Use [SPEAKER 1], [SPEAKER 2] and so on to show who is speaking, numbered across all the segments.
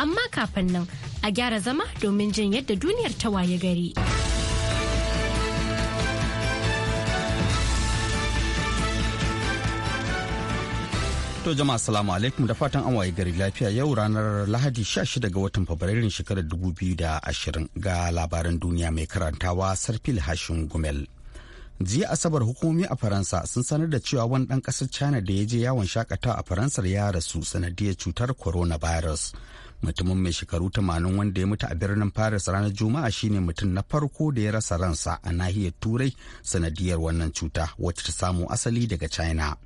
[SPEAKER 1] amma kafin nan a gyara zama domin jin yadda duniyar ta waye gari.
[SPEAKER 2] To jama'a salamu alaikum da fatan an waye gari lafiya yau ranar Lahadi 16 ga watan Fabrairun shekarar 2020 ga labaran duniya mai karantawa Sarfil Hashin Gumel. Jiya Asabar hukumomi a Faransa sun sanar da cewa wani dan kasar China da ya je yawon shakatawa a Faransar ya rasu sanadiyar cutar coronavirus. mutumin mai shekaru 80 wanda ya mutu a birnin paris ranar juma'a shine mutum na farko da ya rasa ransa a nahiyar turai sanadiyar wannan cuta wacce ta samu asali daga china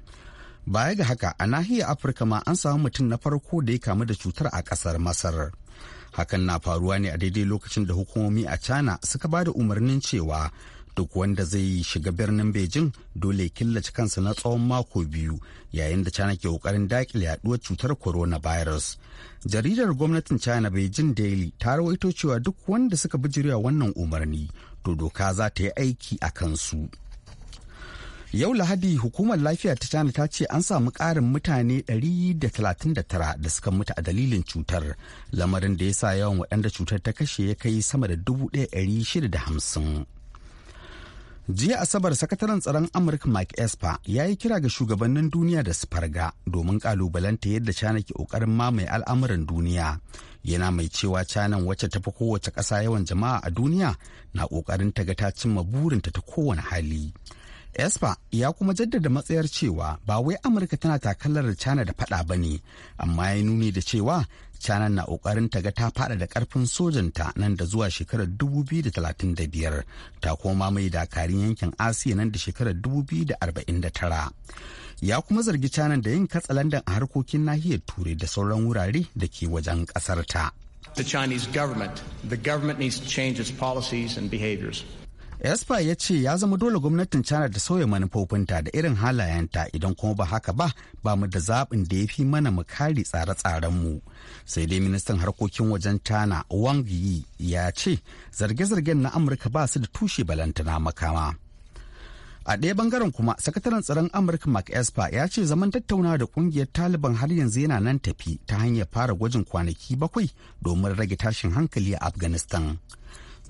[SPEAKER 2] baya ga haka a nahiyar afirka ma an samu mutum na farko da ya kamu da cutar a kasar masar hakan na faruwa ne a daidai lokacin da hukumomi a china suka ba da umarnin cewa duk wanda zai shiga birnin beijing dole killace kansa na tsawon mako biyu yayin da china ke kokarin dakile yaduwar cutar corona coronavirus jaridar gwamnatin china beijing daily ta rawaito cewa duk wanda suka bijirewa wannan umarni to doka za ta yi aiki a kansu yau lahadi hukumar lafiya ta china ta ce an samu ƙarin mutane 139 da suka mutu a dalilin cutar lamarin da ya sa yawan waɗanda cutar ta kashe ya kai sama da 1,650 jiya asabar sakataren tsaron amurka mike esper ya yi kira ga shugabannin duniya da su farga domin kalubalanta yadda china ke kokarin mamaye al'amuran duniya yana mai cewa china wacce tafi kowace ƙasa yawan jama'a a duniya na kokarin ta ga ta cimma burinta ta kowane hali espa ya kuma jaddada matsayar cewa ba wai amurka tana takalar china da fada ba ne amma ya nuni da cewa china na kokarin ta ga ta fada da karfin sojanta nan da zuwa shekarar 2035 ta koma mai dakarun yankin asiya nan da shekarar 2049 ya kuma zargi china da yin katsalandan a harkokin nahiyar turai da sauran wurare da ke
[SPEAKER 3] wajen kasar ta The Chinese government, the government needs to change its policies and behaviors.
[SPEAKER 2] espa ya ce ya zama dole gwamnatin china da sauya manufofinta da irin halayenta idan kuma ba haka ba ba mu da zaɓin da ya fi mana mu kare tsare-tsarenmu sai dai ministan harkokin wajen china wang yi ya ce zarge-zargen na amurka ba su da tushe balantana makama a ɗaya bangaren kuma sakataren tsaron amurka mark esper ya ce zaman tattauna da kungiyar taliban har yanzu yana nan tafi ta hanyar fara gwajin kwanaki bakwai domin rage tashin hankali a afghanistan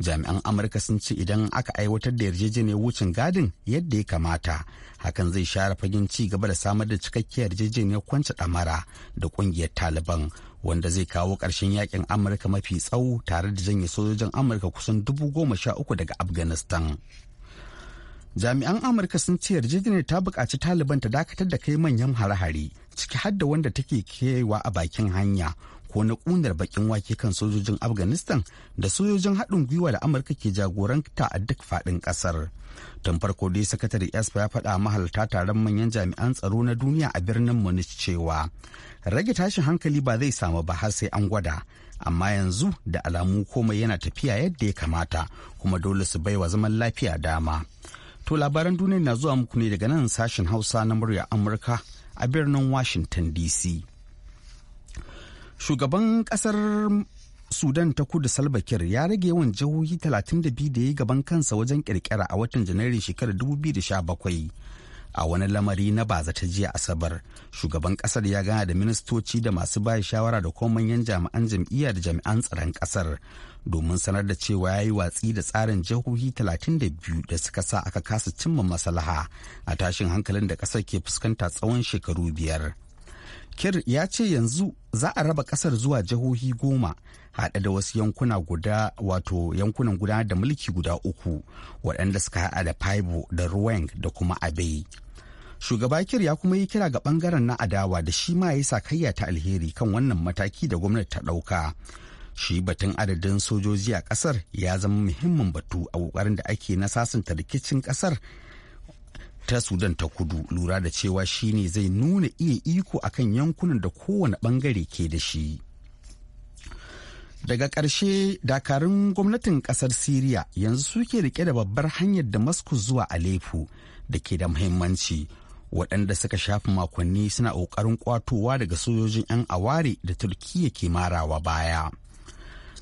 [SPEAKER 2] jami'an amurka sun ce idan aka aiwatar da yarjejeniyar wucin gadin yadda ya kamata hakan zai share fagen ci gaba da samar da cikakkiyar yarjejeniyar kwance damara da kungiyar taliban wanda zai kawo ƙarshen yakin amurka mafi tsawo tare da janye sojojin amurka kusan dubu goma sha uku daga afghanistan jami'an amurka sun ce yarjejeniyar ta buƙaci taliban ta dakatar da kai manyan hare-hare ciki har da wanda take kewa a bakin hanya ko na kunar bakin wake kan sojojin afghanistan da sojojin haɗin gwiwa da amurka ke jagoranta a duk faɗin ƙasar tun farko dai sakatare espa ya faɗa mahalarta taron manyan jami'an tsaro na duniya a birnin munich cewa rage tashin hankali ba zai samu ba har sai an gwada amma yanzu da alamu komai yana tafiya yadda ya kamata kuma dole su baiwa zaman lafiya dama to labaran duniya na zuwa muku ne daga nan sashen hausa na murya amurka a birnin Washington DC. shugaban kasar sudan ta kudu salva kiir ya rage yawan jihohi 32 da ya gaban kansa wajen kirkira a watan janairun shekarar 2017 a wani lamari na baza ta jiya asabar shugaban kasar ya gana da ministoci da masu bayi shawara da kuma manyan jami'an jam'iyya da jami'an tsaron kasar domin sanar da cewa ya yi watsi da tsarin jihohi 32 da suka sa aka kasa cimma maslaha a tashin hankalin da kasar ke fuskanta tsawon shekaru biyar kir ya ce yanzu za a raba kasar zuwa jihohi goma haɗe da wasu yankuna guda wato yankunan gudanar da mulki guda uku waɗanda suka haɗa da faibo da ruweng da kuma abai shugaba kir ya kuma yi kira ga ɓangaren na adawa da shi ma ya yi sakayya ta alheri kan wannan mataki da gwamnati ta ɗauka shi batun adadin sojoji a ƙasar ya zama muhimmin batu a ƙoƙarin da ake na sasanta rikicin ƙasar ta sudan ta kudu lura da cewa shine zai nuna iya iko akan yankunan da kowane bangare ke da shi daga ƙarshe dakarun gwamnatin ƙasar syria yanzu suke rike da babbar hanyar damascus zuwa aleppo da ke da muhimmanci waɗanda suka shafi makonni suna ƙoƙarin kwatowa daga sojojin 'yan aware da turkiya ke marawa baya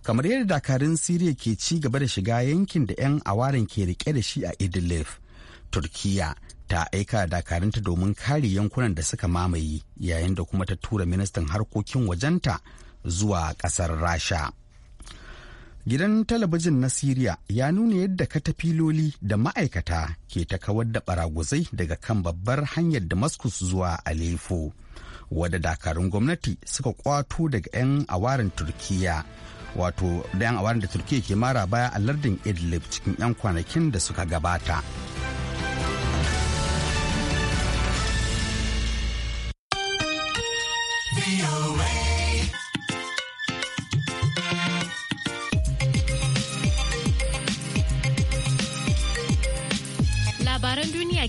[SPEAKER 2] kamar yadda dakarun siriya ke ci gaba da shiga yankin da 'yan awaren ke rike da shi a idlib turkiya ta aika dakarunta domin kare yankunan da suka mamaye yayin da kuma ta tura ministan harkokin wajenta zuwa kasar rasha gidan talabijin na siriya ya nuna yadda katafiloli da ma'aikata ke ta kawar da baraguzai daga kan babbar hanyar damascus zuwa aleppo wadda dakarun gwamnati suka kwato daga 'yan awarin turkiya wato da 'yan awarin da turkiya ke mara baya a lardin idlib cikin 'yan kwanakin da suka gabata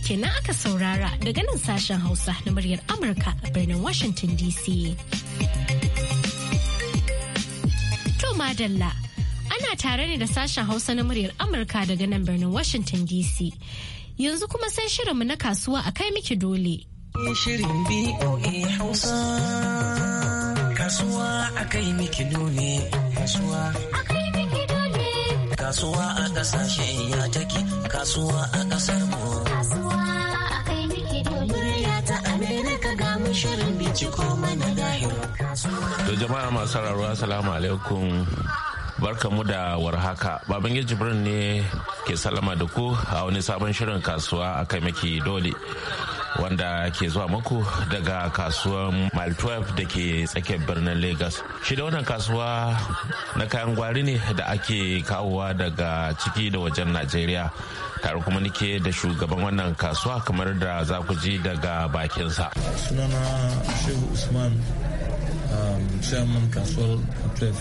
[SPEAKER 1] kenan aka saurara daga nan sashen Hausa na muryar Amurka a birnin Washington DC. To madalla ana tare ne da sashen Hausa na muryar Amurka daga nan birnin Washington DC. Yanzu kuma sai shirinmu na kasuwa a kai miki dole.
[SPEAKER 4] Shirin BOA Hausa, kasuwa a kai miki dole, kasuwa kasuwa a kasashe
[SPEAKER 5] ya take kasuwa a kasar mu
[SPEAKER 1] kasuwa a kai miki duniya ta amerika ga mu shirin binciko mana gahiro to
[SPEAKER 5] jama'a masu sauraro assalamu alaikum barkamu da warhaka babange jibrin ne ke salama da ku a wani sabon shirin kasuwa a kai maki dole wanda ke zuwa muku daga kasuwan mile 12 da ke tsakiyar birnin lagos shi da wannan kasuwa na kayan gwari ne da ake kawowa daga ciki da wajen najeriya tare kuma nike da shugaban wannan kasuwa kamar da za ku ji daga bakinsa
[SPEAKER 6] sunana shehu usman um, chairman kasuwar 12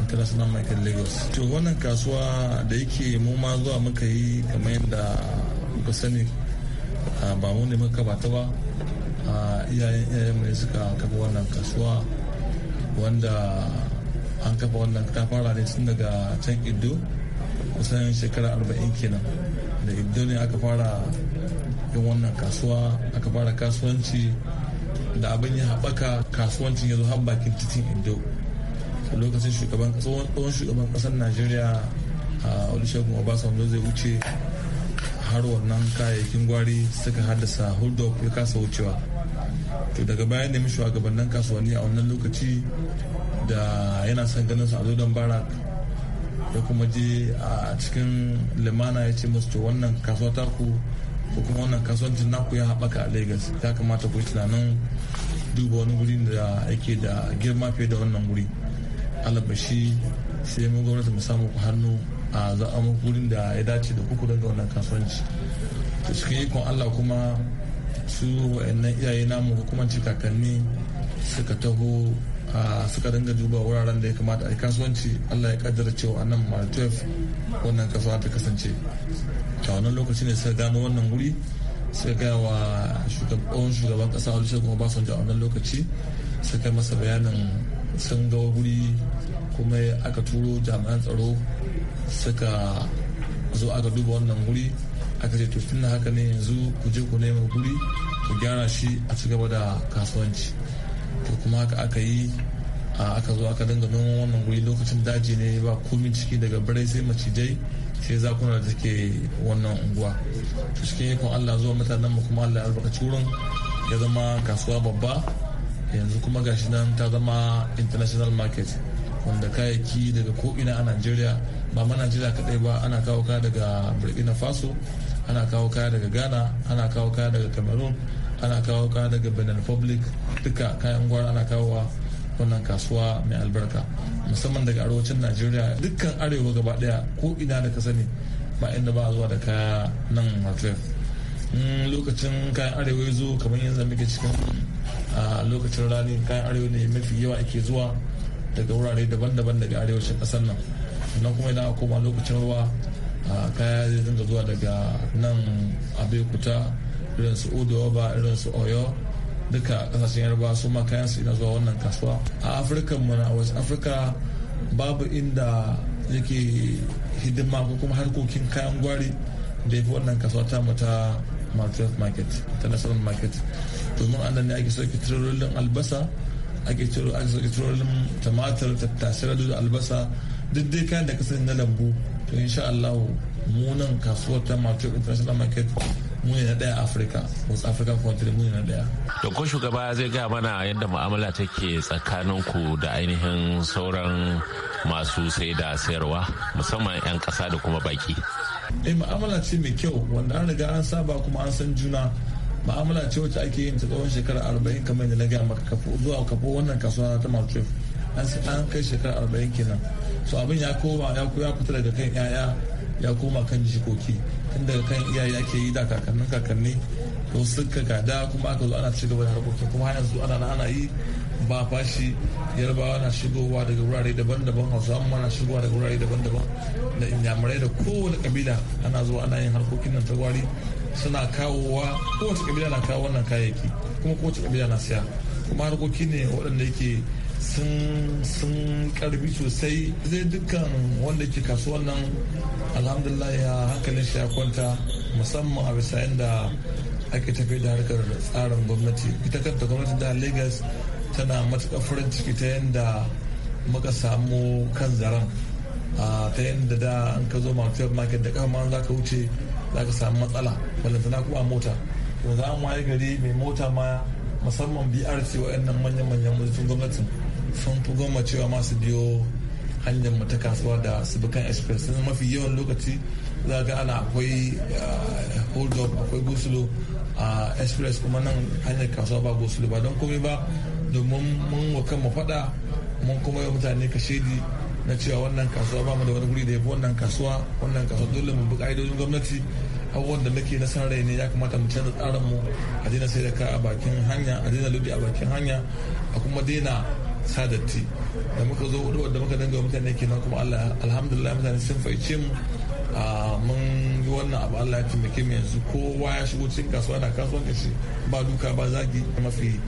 [SPEAKER 6] international market lagos to wannan kasuwa da yake mu ma zuwa muka yi kamar yadda muka sani Ah, ba mu ne muka ba ta ah, ba iyayen iyayenmu ne suka kafa wannan kasuwa wanda an kafa wannan ta fara ne tun daga can iddo kusan shekara arba'in kenan da iddo ne aka fara yin wannan kasuwa aka fara kasuwanci da abin ya haɓaka kasuwancin ya zo har bakin titin indo lokacin shugaban tsohon shugaban ƙasar najeriya a ah, olusegun obasanjo zai wuce har wannan kayayyakin gwari suka haddasa hulɗo ya kasa wucewa to daga baya nemi shugabannin kasuwanni a wannan lokaci da yana son ganin su a zo don barak ya kuma je a cikin limana ya ce masu to wannan kasuwa ku ko kuma wannan kasuwancin naku ya haɓaka a lagos ya kamata ku yi tunanin duba wani guri da yake da girma fiye da wannan guri alabashi sai mu gwamnati mu samu ku hannu a za'a wurin da ya dace da kuku daga wannan kasuwanci to cikin ikon allah kuma su wa'annan iyaye namu hukumanci kakanni suka taho suka dinga duba wuraren da ya kamata a yi kasuwanci allah ya kaddara cewa nan maltef wannan kasuwa ta kasance a wannan lokaci ne suka gano wannan wuri suka gaya wa shugaban shugaban kasa olusegun obasanjo a wannan lokaci suka masa bayanin sun ga wuri kuma aka turo jami'an tsaro suka zo aka duba wannan guri aka ce to tun haka ne yanzu ku je ku nema guri ku gyara shi a ci gaba da kasuwanci to kuma haka aka yi aka zo aka dinga noman wannan guri lokacin daji ne ba komin ciki daga birai sai macijai sai zakuna da take wannan unguwa to cikin yakan allah zuwa mutanen mu kuma allah ya albarkaci wurin ya zama kasuwa babba yanzu kuma gashi nan ta zama international market wanda kayayyaki daga ko'ina a najeriya ba ma najeriya kadai ba ana kawo kaya daga burkina faso ana kawo kaya daga ghana ana kawo kaya daga cameroon ana kawo kaya daga benin public duka kayan gwara ana kawowa wannan kasuwa mai albarka musamman daga arewacin najeriya dukkan arewa gaba daya koina da ka sani ba inda ba zuwa da kaya nan martef lokacin kayan arewa ya zo kamar yanzu muke cikin lokacin rani kayan arewa ne mafi yawa ake zuwa daga wurare daban-daban daga arewacin kasar nan sannan kuma idan a koma lokacin ruwa kaya zai dinga zuwa daga nan abekuta irin su odoba irin su oyo duka kasashen yarba su ma kayan su ina zuwa wannan kasuwa a afirka mana a wasu afirka babu inda yake hidima ko kuma harkokin kayan gwari da ya fi wannan kasuwa ta mata ta market market ta market domin an ne ake sauke tirolin albasa ake ciro ake ciro tumatir tattasai da albasa duk dai kayan da sani na lambu to insha Allah mu nan kasuwar ta Mato International Market mu ne na daya Africa West African country mu ne na daya
[SPEAKER 5] da ko shugaba zai ga mana yadda mu'amala take tsakanin ku da ainihin sauran masu sai da sayarwa musamman 'yan kasa da kuma baki
[SPEAKER 6] eh mu'amala ce mai kyau wanda an riga an saba kuma an san juna ma'amala ce wacce ake yin ta tsawon shekara arba'in kamar yadda na gaya maka zuwa kafo wannan kasuwa ta maltref an kai shekara arba'in kenan so abin ya koma ya fita daga kan 'ya'ya ya koma kan jikoki tun daga kan iyaye ake yi da kakannin kakanni to suka gada kuma aka zo ana cigaba da harkoki kuma har yanzu ana ana yi ba fashi yarbawa na shigowa daga wurare daban-daban hausawa amma na shigowa daga wurare daban-daban da inyamurai da kowane kabila ana zuwa ana yin harkokin nan ta gwari suna kawowa kowace kabila na kawo wannan kayayyaki kuma kowace kabila na siya kuma harkoki ne waɗanda yake sun karbi sosai zai dukkan wanda ke kasuwan nan alhamdulillah ya hankalin shi ya kwanta musamman a bisa inda ake tafi da harkar tsarin gwamnati ita kanta gwamnati da lagos tana matuƙar farin ciki ta yadda muka samu kan zaren ah, ta yadda da an ka zo market da kama za ka wuce za ka samu matsala balantana kuma mota da za mu waye gari mai mota ma musamman brc waɗannan manyan-manyan mutum gwamnatin sun fi goma cewa masu biyo hanyar mu ta kasuwa da subukan express sun mafi yawan lokaci za ga ana akwai eh, hold up akwai gosulo a express kuma nan hanyar kasuwa ba gosulo ba don komai ba domin mun wa kan mu faɗa mun kuma yi mutane shaidi na cewa wannan kasuwa ba mu da wani guri da yabo wannan kasuwa wannan kasuwa dole mu bi ka'idojin gwamnati abubuwan da muke na san rai ne ya kamata mu canza tsarin mu a daina sai da ka a bakin hanya a daina ludi a bakin hanya a kuma daina sadatti da muka zo da muka dinga mutane kenan kuma Allah alhamdulillah mutane sun faice mu mun yi wannan abu Allah ya taimake mu yanzu kowa ya shigo cikin kasuwa na kasuwancin shi ba duka ba zagi mafi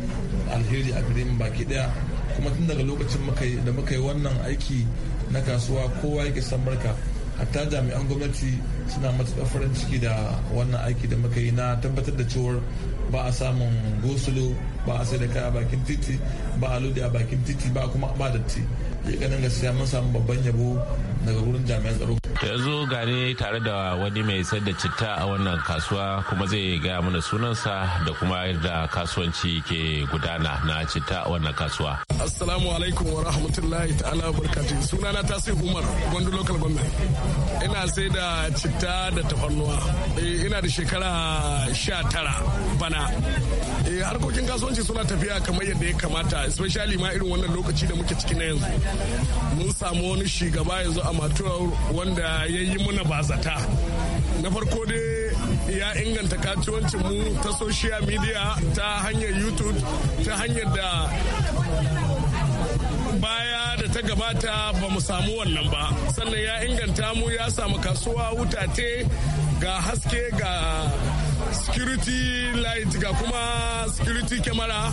[SPEAKER 6] alheri a gare mu baki daya kuma tun daga lokacin da muka yi wannan aiki na kasuwa kowa yake san barka hatta jami'an gwamnati suna matuƙar farin ciki da wannan aiki da muka yi na tabbatar da cewar ba a samun gosulo ba a sai da kaya bakin titi ba a lodi a bakin titi ba kuma ba datti ganin gaskiya mun samu babban yabo daga wurin jami'an tsaro
[SPEAKER 5] yanzu gane tare da wani mai sayar da citta a wannan kasuwa kuma zai gaya mana sunansa da kuma yadda kasuwanci ke gudana na citta a wannan kasuwa
[SPEAKER 7] assalamu alaikum wa rahmatullahi ta'ala barkatu sunana tasir umar gwandu local government ina sai da citta da tafarnuwa eh, ina da shekara sha tara bana eh, harkokin kasuwanci suna tafiya kamar yadda ya kamata especially ma irin wannan lokaci da muke ciki na yanzu mun samu wani shugaba yanzu a matuwar wanda da ya yi muna bazata na farko dai ya inganta kasuwancin mu ta social media ta hanyar youtube ta hanyar da baya da ta gabata ba mu samu wannan ba sannan ya inganta mu ya samu kasuwa wutate ga haske ga security light ga kuma security camera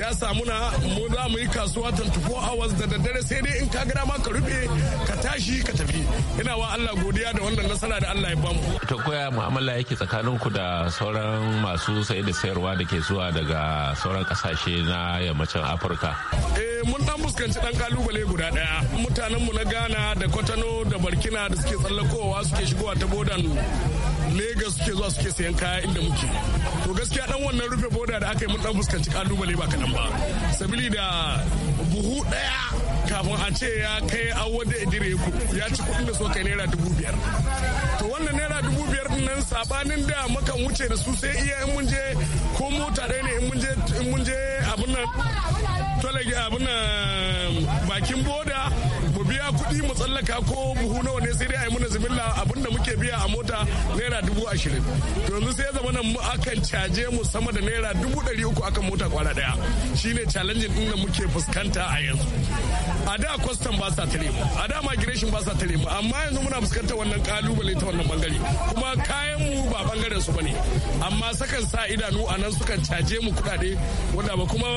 [SPEAKER 7] ya samu na mu za mu yi kasuwa 24 hours da daddare sai dai in ka gada ma ka rufe ka tashi ka tafi ina wa Allah godiya da wannan nasara da Allah ya mu
[SPEAKER 5] to koya mu'amala yake tsakanin ku da sauran masu saye da sayarwa da ke zuwa daga sauran kasashe na yammacin Afirka
[SPEAKER 7] eh mun dan fuskanci dan kalubale guda daya mutanen mu na Ghana da Kwatano da Burkina da suke tsallakowa suke shigowa ta bodan Legas suke zuwa suke sayan kaya inda muke. To gaskiya dan wannan rufe boda da aka yi mun dan fuskanci kalubale ba kadan ba. Sabili da buhu ɗaya kafin a ce ya kai awo da idire ya ci kuɗin da so kai naira dubu biyar. To wannan naira dubu biyar nan sabanin da muka wuce da su sai iya in mun je ko mota ɗaya ne in mun je abin
[SPEAKER 3] nan
[SPEAKER 7] abin nan bakin boda mu biya kuɗi mu tsallaka ko buhu nawa ne sai dai a yi mana zimilla abinda muke biya a mota naira dubu ashirin to yanzu sai ya zama nan akan caje mu sama da naira dubu ɗari uku akan mota kwana ɗaya shine challenging ɗin da muke fuskanta a yanzu a da kwastam ba sa tare mu a da migration ba sa tare mu amma yanzu muna fuskantar wannan kalubale ta wannan bangare kuma kayan mu ba bangaren su bane amma sakan sa idanu a nan sukan caje mu kuɗaɗe wanda ba kuma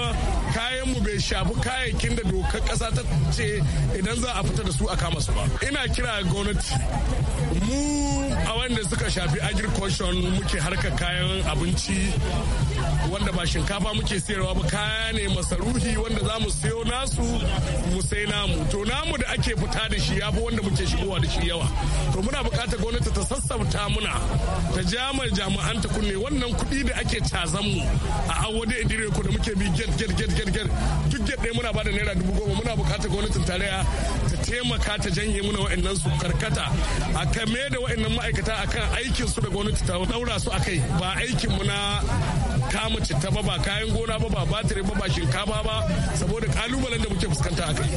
[SPEAKER 7] kayan mu bai shafi kayayyakin da dokar ƙasa ta ce idan za a fita da su a kama su ba ina kira gwamnati mu a wanda suka shafi agriculture muke harka kayan abinci wanda ba shinkafa muke sayarwa ba kaya ne masaruhi wanda za mu sayo nasu mu sai namu to namu da ake fita da shi yafi wanda muke shigowa da shi yawa to muna bukatar gwamnati ta sassauta muna ta jami'an jami'an ta kunne wannan kuɗi da ake cazan mu a awwade idire ko da muke bi get get get get get duk get ɗaya muna bada naira dubu goma muna bukatar gwamnatin tarayya taimaka ta janye muna wa'annan su karkata a kame da wa'annan ma'aikata a kan aikin su da gwamnati ta daura su akai ba aikin mu na kama citta ba ba kayan gona ba ba batiri ba ba shinkafa ba saboda kalubalen da muke fuskanta akai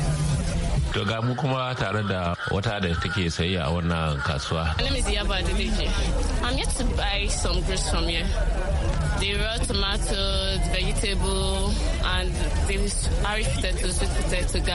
[SPEAKER 5] to ga mu kuma tare da wata da take sayayya a wannan kasuwa
[SPEAKER 7] Alamis ya ba da I'm yet to buy some goods from you They raw tomatoes,
[SPEAKER 8] vegetable, steamed irish sweet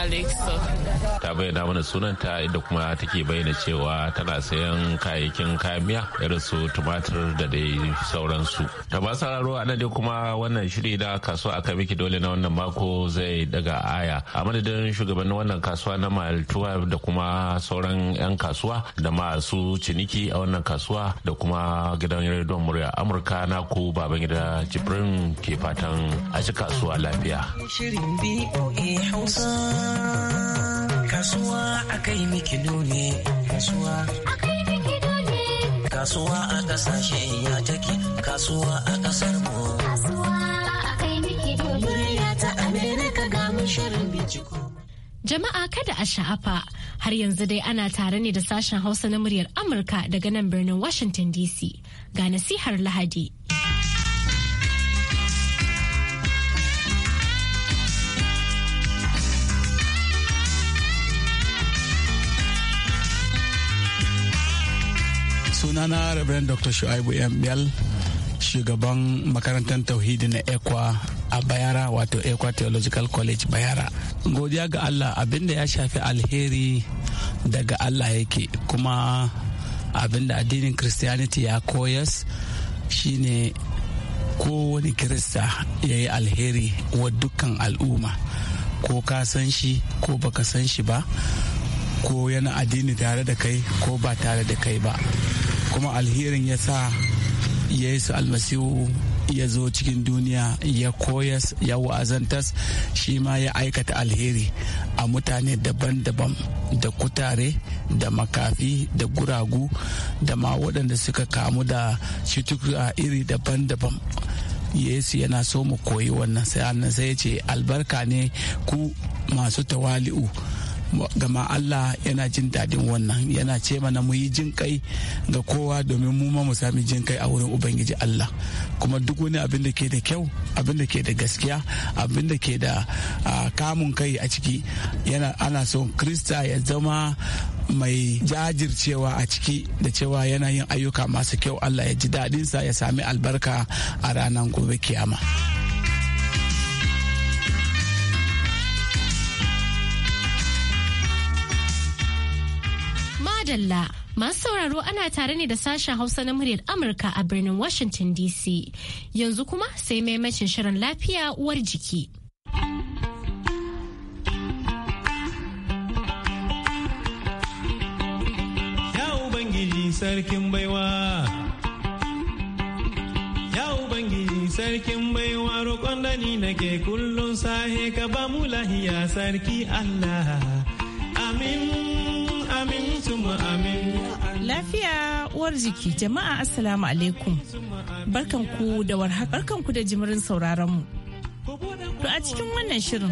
[SPEAKER 5] ta bayyana mana sunanta inda kuma take bayyana cewa tana sayan kayayyakin kayan miya irin su tumatir da dai sauransu ta ba a nan dai kuma wannan shiri da kasuwa aka miki dole na wannan mako zai daga aya a madadin shugabannin wannan kasuwa na mile 12 da kuma sauran 'yan kasuwa da masu ciniki a wannan kasuwa da kuma gidan rediyon murya amurka na ku baban gida jibrin ke fatan a ci kasuwa lafiya
[SPEAKER 4] shirin BOA Hausa. Kasuwa a kai mikido ne, kasuwa. Kasuwa a kasashe ya take, kasuwa a kasar mu. Kasuwa a
[SPEAKER 1] kai mikido ne, ta Amerika ga mu shirin binciko. Jama'a kada a sha'afa har yanzu dai ana tare ne da sashen Hausa na muryar Amurka daga nan birnin Washington DC ga nasihar Lahadi.
[SPEAKER 3] sunana reverend dr shu'aibu mbl shugaban makarantar tauhidi na ekwa a bayara wato ekwa theological college bayara godiya ga allah abinda ya shafi alheri daga allah yake kuma abinda addinin christianity ya koyas shine kowane kirista ya yi alheri wa dukkan al'umma ko ka san shi ko baka san shi ba ko yana addini tare da kai ko ba tare da kai ba kuma alherin ya sa yesu almasihu ya zo cikin duniya ya koyas ya wa'azantas shi ma ya aikata alheri a mutane daban-daban da kutare da makafi da guragu da ma waɗanda suka kamu da cutuka iri daban-daban yesu yana so mu koyi wannan sai ya ce albarka ne ku masu tawali'u gama Allah yana jin daɗin wannan yana ce mana mu yi jin kai ga kowa domin mu ma mu sami jin kai a wurin ubangiji Allah kuma duk wani abin da ke da kyau abin da ke da gaskiya abin da ke da kamun kai a ciki yana ana son krista ya zama mai jajircewa a ciki da cewa yana yin ayyuka masu kyau Allah ya ji daɗinsa ya sami albarka a ranar gobe kiyama.
[SPEAKER 1] Madalla masu sauraro ana tare ne da sashen Hausa na muryar Amurka a birnin Washington DC. Yanzu kuma sai maimacin shirin
[SPEAKER 5] lafiya uwar jiki. Ya Ubangiji sarkin baiwa. Ya Ubangiji sarkin baiwa roƙon da ni nake kullum sahe ka ba mu lahiya sarki Allah. Amin. lafiya uwar jiki
[SPEAKER 4] jama'a assalamu alaikum barkanku da warhaka barkanku da jimirin sauraron mu to a cikin wannan shirin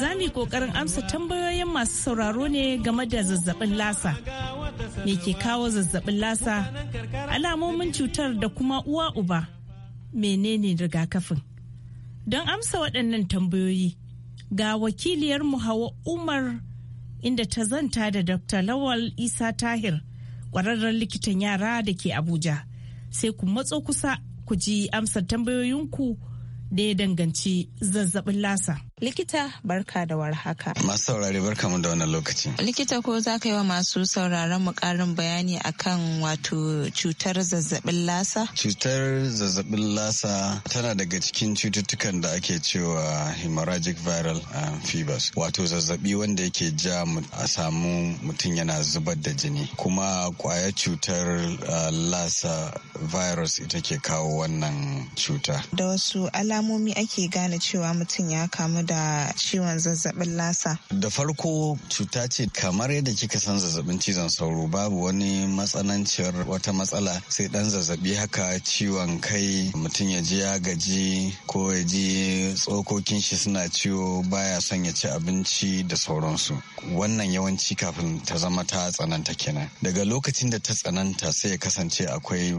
[SPEAKER 4] za mu yi kokarin amsa tambayoyin masu sauraro ne game da zazzabin lasa me ke kawo zazzabin lasa alamomin cutar da kuma uwa uba menene rigakafin don amsa waɗannan tambayoyi ga wakiliyar mu hawa umar inda ta zanta da Dr. Lawal Isa Tahir, ƙwararren likitan yara da ke Abuja. Sai ku matso kusa ku ji amsar tambayoyinku da ya danganci zazzabin lasa. Likita barka da warhaka.
[SPEAKER 9] Masu saurare barka mu da wannan lokaci.
[SPEAKER 8] Likita ko za ka yi wa masu sauraron mu karin bayani akan wato cutar zazzabin lasa?
[SPEAKER 9] Cutar zazzabin lasa tana daga cikin cututtukan da ake cewa hemorrhagic viral eh, fevers wato zazzabi wanda yake ja a samu mutum yana zubar da jini kuma kwayar cutar eh, lasa virus ita ke kawo wannan cuta.
[SPEAKER 8] Da wasu alamomi ake gane cewa mutum ya kamu da da ciwon zazzabin lasa?
[SPEAKER 9] Da farko cuta ce kamar yadda kika san zazzabin cizon sauro babu wani matsananciyar wata matsala sai dan zazzabi haka ciwon kai mutum ya ji ya gaji ko ya ji tsokokin shi suna ciwo baya son ya ci abinci da sauransu. Wannan yawanci kafin ta zama ta tsananta kenan. Daga lokacin da ta tsananta sai ya kasance akwai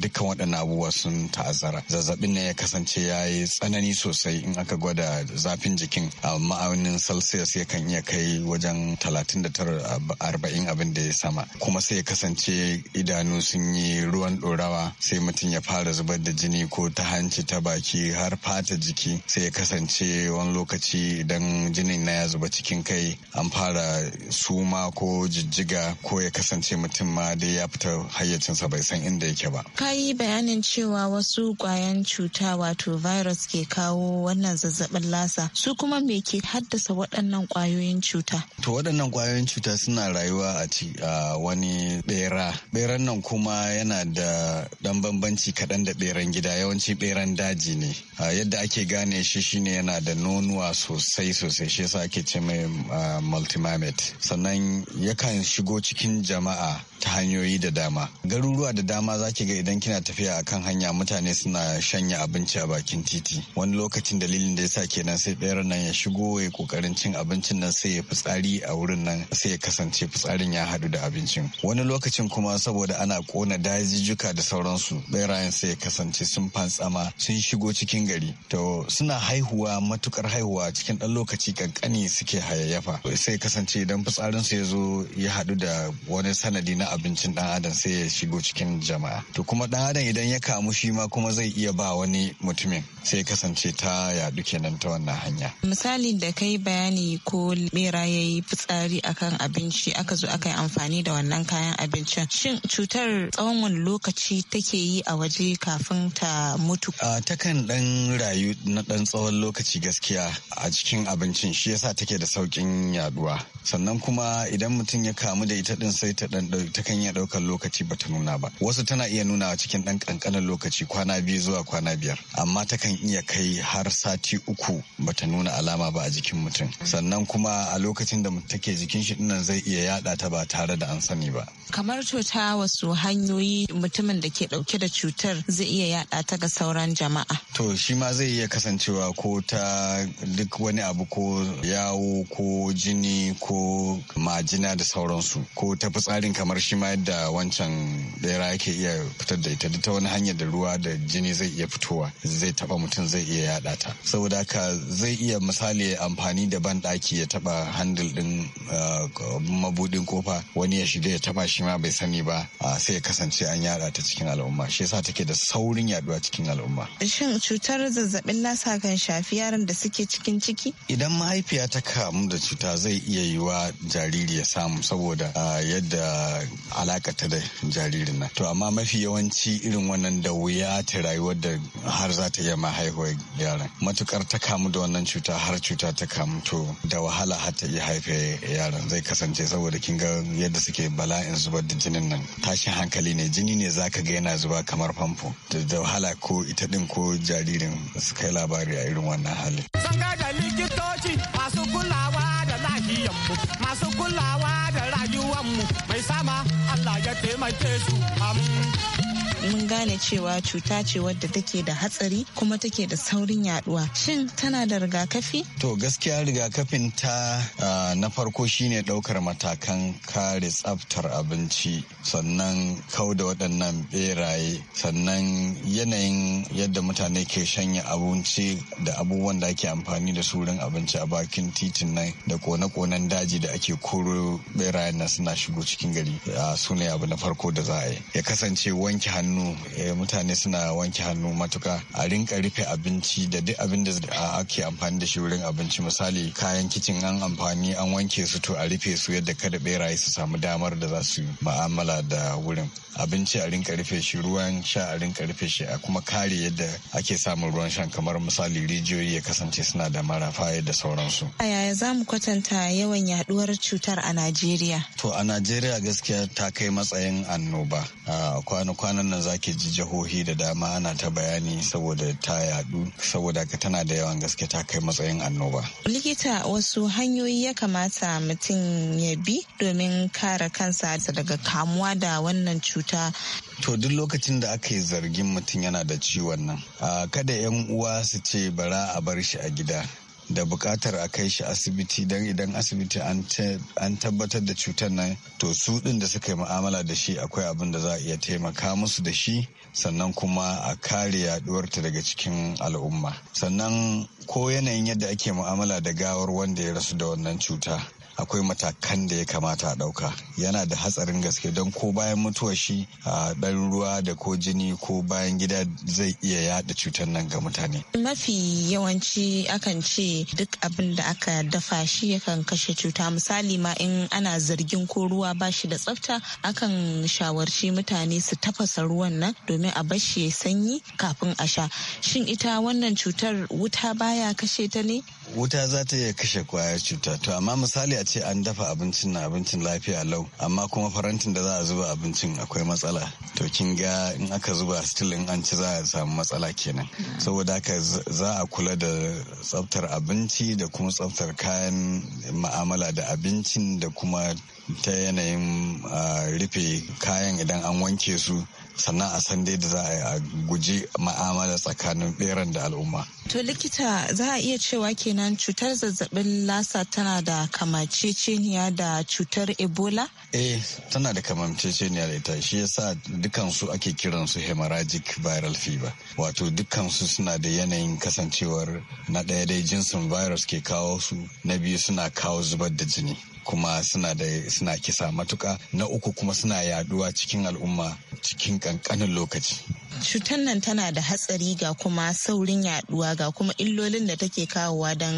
[SPEAKER 9] dukkan waɗannan abubuwa sun ta'azzara. Zazzabin ne ya kasance ya yi tsanani sosai in aka gwada zafi zafin jikin a ma'aunin celsius yakan iya kai wajen 39-40 abin da ya sama kuma sai ya kasance idanu sun yi ruwan ɗorawa sai mutum ya fara zubar da jini ko ta hanci ta baki har fata jiki sai ya kasance wani lokaci idan jinin na ya zuba cikin kai an fara suma ko jijjiga ko ya kasance mutum ma dai ya fita hayyacinsa bai san inda yake ba.
[SPEAKER 8] kayi bayanin cewa wasu kwayan cuta wato virus ke kawo wannan zazzabin lasa su kuma me ke haddasa waɗannan ƙwayoyin cuta
[SPEAKER 9] to waɗannan ƙwayoyin cuta suna rayuwa a ci a wani bera beran nan kuma yana da ɗan bambanci kaɗan da beran gida yawanci beran daji ne yadda ake gane shi shine yana da nonuwa sosai sosai shi yasa ake ce mai multimamet sannan yakan shigo cikin jama'a ta hanyoyi da dama garuruwa da dama za ki ga idan kina tafiya akan hanya mutane suna shanya abinci a bakin titi wani lokacin dalilin da yasa kenan sai ɗayar nan ya shigo ya kokarin cin abincin nan sai ya fitsari a wurin nan sai ya kasance fitsarin ya haɗu da abincin wani lokacin kuma saboda ana kona dajijjuka da sauransu berayen sai ya kasance sun fantsama sun shigo cikin gari to suna haihuwa matukar haihuwa cikin ɗan lokaci kankani suke hayayyafa sai kasance idan fitsarin su ya zo ya haɗu da wani sanadi na abincin ɗan adam sai ya shigo cikin jama'a to kuma ɗan adam idan ya kamu shi ma kuma zai iya ba wani mutumin sai kasance ta yaɗu kenan ta wannan hanya
[SPEAKER 8] misali da kai bayani ko bera ya yi fitsari akan abinci aka zo aka yi amfani da wannan kayan abincin shin cutar tsawon wani lokaci take yi a waje kafin ta mutu
[SPEAKER 9] takan ɗan rayu na ɗan tsawon lokaci gaskiya a cikin abincin shi yasa take da saukin yaduwa sannan kuma idan mutum ya kamu da ita din sai ta dan takan iya daukar lokaci bata nuna ba wasu tana iya nuna cikin ɗan kankanin lokaci kwana biyu zuwa kwana biyar amma takan iya kai har sati uku ba ta nuna alama ba a jikin mutum sannan kuma a lokacin da take jikin shi dinnan zai iya yada ta ba tare da an sani ba
[SPEAKER 8] kamar cuta wasu hanyoyi mutumin da ke dauke da cutar zai iya yada ta ga sauran jama'a
[SPEAKER 9] to shi ma zai iya kasancewa ko ta duk wani abu ko yawo ko jini ko majina da sauransu ko ta fitsarin kamar shi ma yadda wancan bera yake iya fitar da ita duk ta wani hanyar da ruwa da jini zai iya fitowa zai taba mutum zai iya yada ta saboda haka zai iya misali amfani da ban ɗaki ya taba handle din uh, mabudin kofa wani ya shiga ya taba shi ma bai sani ba uh, sai ya kasance an yara ta cikin al'umma shi yasa take da saurin yaduwa cikin al'umma
[SPEAKER 8] shin cutar zazzabin lasa kan shafi yaran da suke cikin ciki
[SPEAKER 9] idan mahaifiya ta kamu da cuta zai iya yiwa jariri ya samu saboda uh, yadda alakata da jaririn nan to amma mafi yawanci irin wannan da wuya ta rayuwar da har za ta iya mahaihuwar yaran matukar ta kamu da wannan wannan cuta har cuta ta to da wahala har ta iya haife yaron zai kasance saboda kin ga yadda suke bala'in zubar da jinin nan tashin hankali ne jini ne zaka ga yana zuba kamar famfo da wahala ko ita din ko jaririn su kai labari a irin wannan hali.
[SPEAKER 2] masu kulawa da rayuwanmu mai sama Allah ya taimake su
[SPEAKER 8] gane cewa cuta ce wadda take da hatsari kuma take da saurin yaduwa shin tana da rigakafi
[SPEAKER 9] to gaskiya rigakafin ta na farko shine daukar matakan kare tsaftar abinci sannan kau da waɗannan beraye sannan yanayin yadda mutane ke shanya abinci da abubuwan da ake amfani da surin abinci a bakin titin nan da kone-konen daji da ake koro berayen nan suna shigo cikin gari su ne abu na farko da za a yi ya kasance wanke hannu Eh, mutane suna wanke hannu matuka a rinka rufe abinci da duk abin da ake amfani da shi wurin abinci misali kayan kicin an amfani an wanke su to a rufe su yadda kada beraye su samu damar da za su ma'amala da wurin abinci a rinka rufe shi ruwan sha a rinka rufe shi a kuma kare yadda ake samun ruwan shan kamar misali rijiyoyi ya kasance suna da marafa da sauransu.
[SPEAKER 8] Yaya za mu kwatanta yawan yaduwar cutar a Najeriya?
[SPEAKER 9] To a Najeriya gaskiya ta kai matsayin annoba. A kwana-kwanan nan zaki ake ji jihohi da dama ana ta bayani saboda ta yadu saboda ka tana da yawan gaske ta kai matsayin annoba.
[SPEAKER 8] Likita wasu hanyoyi ya kamata mutum ya bi domin kare kansa daga kamuwa da wannan cuta.
[SPEAKER 9] To duk lokacin da aka yi zargin mutum yana da ciwon nan, kada 'yan uwa su ce bara a bar shi a gida. da bukatar a kai shi asibiti don idan asibiti an tabbatar da cutar nan to su ɗin da suka yi mu'amala da shi akwai abin da za a iya taimaka musu da shi sannan kuma a kare yaduwarta daga cikin al'umma sannan ko yanayin yadda ake mu'amala da gawar wanda ya rasu da wannan cuta akwai matakan da ya kamata a ɗauka yana da hatsarin gaske don ko bayan mutuwa shi a ɗan ruwa da ko jini ko bayan gida zai iya yada cutar nan ga mutane
[SPEAKER 8] mafi yawanci akan ce duk abin da aka dafa shi yakan kashe cuta misali ma in ana zargin ko ruwa ba shi da tsafta akan shawarci mutane su tafasa ruwan nan domin a bashi shi sanyi kafin a sha shin ita wannan cutar wuta baya kashe ta ne
[SPEAKER 9] wuta za ta iya kashe kwayar cuta to amma misali a ce an dafa abincin na abincin lafiya lau amma kuma farantin da za a zuba abincin akwai matsala to kin ga in aka zuba still in an ci za a samu matsala kenan saboda haka za a kula da tsaftar abinci da kuma tsaftar kayan ma'amala da abincin da kuma ta yanayin ah, rufe kayan idan an wanke su sannan a san da za a yi a guji ma'amala tsakanin beran da al'umma.
[SPEAKER 8] To likita za a iya cewa kenan cutar zazzabin lasa tana da kamaceceniya da cutar ebola?
[SPEAKER 9] Eh tana da kamaceceniya da ita shi yasa dukansu ake kiransu hemorrhagic viral fever wato dukansu suna da yanayin kasancewar na ɗaya dai jinsin virus ke kawo su na biyu suna kawo zubar da jini. kuma suna da suna kisa matuka na uku kuma suna yaduwa cikin al'umma cikin kankanin lokaci
[SPEAKER 8] cutar nan tana da hatsari ga kuma saurin yaduwa ga kuma illolin da take kawowa don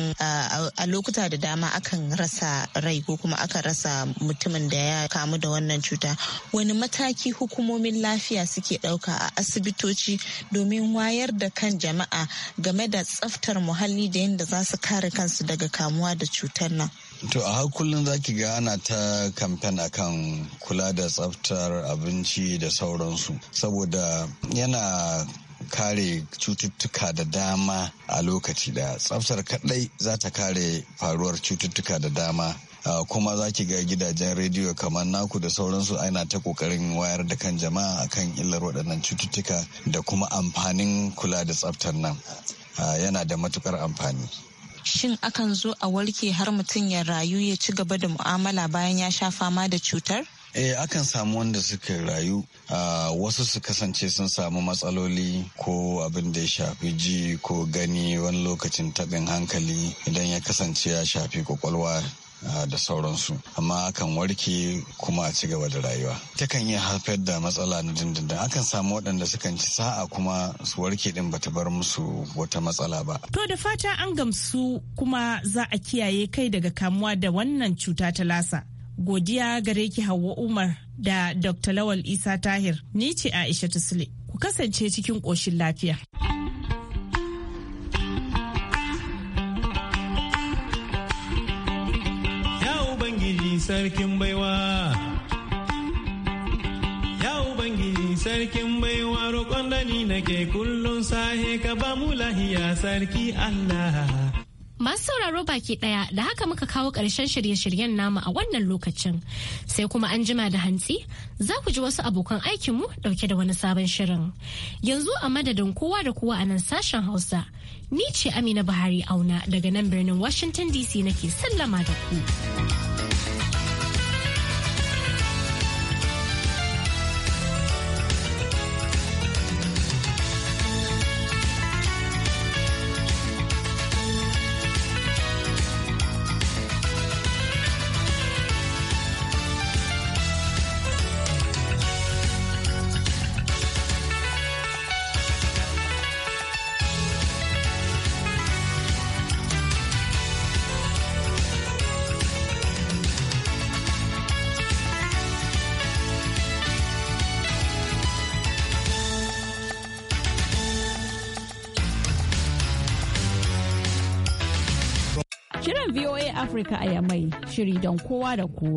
[SPEAKER 8] a lokuta da dama akan rasa rai ko kuma aka rasa mutumin da ya kamu da wannan cuta wani mataki hukumomin lafiya suke dauka a asibitoci domin wayar da kan jama'a game da tsaftar muhalli da yadda za su kare kansu daga kamuwa da cutar nan
[SPEAKER 9] To a har kullum za ki ga ana ta kamfen akan kula da tsaftar abinci da sauransu saboda yana kare cututtuka da dama a lokaci da tsaftar kadai za ta kare faruwar cututtuka da dama Uh, kuma za ki ga gidajen rediyo kamar naku da sauransu aina ta kokarin wayar da kan jama'a akan illar waɗannan cututtuka da kuma amfanin kula da tsaftar nan uh, yana da matukar amfani.
[SPEAKER 8] shin akan zo a warke har mutum ya rayu ya ci gaba da mu'amala bayan ya sha fama da cutar?
[SPEAKER 9] eh akan samu wanda suka rayu a ah, wasu su kasance sun samu matsaloli ko abin da ya shafi ji ko gani wani lokacin taɓin hankali idan ya kasance ya shafi kwakwalwa da sauransu amma akan warke kuma a ci da rayuwa takan iya haifar da matsala na dindindin akan samu waɗanda sukan ci sa'a kuma su warke din bata bar musu wata matsala ba
[SPEAKER 4] to da fata an gamsu kuma za a kiyaye kai daga kamuwa da wannan cuta ta lasa godiya gare ki hawa umar da dr lawal isa tahir ni ce aisha tusle ku kasance cikin ƙoshin lafiya.
[SPEAKER 5] sarkin baiwa. Ya Ubangiji sarkin baiwa roƙon da ni nake kullum sahe ka ba mu lahiya sarki Allah.
[SPEAKER 1] Masu sauraro baki ɗaya da haka muka kawo ƙarshen shirye-shiryen namu a wannan lokacin sai kuma an jima da hantsi za ku ji wasu abokan aikinmu ɗauke da wani sabon shirin. Yanzu a madadin kowa da kowa a nan sashen Hausa, ni ce Amina Buhari auna daga nan birnin Washington DC nake sallama da ku.
[SPEAKER 8] Afirka a Yamai, shiri don kowa da kowa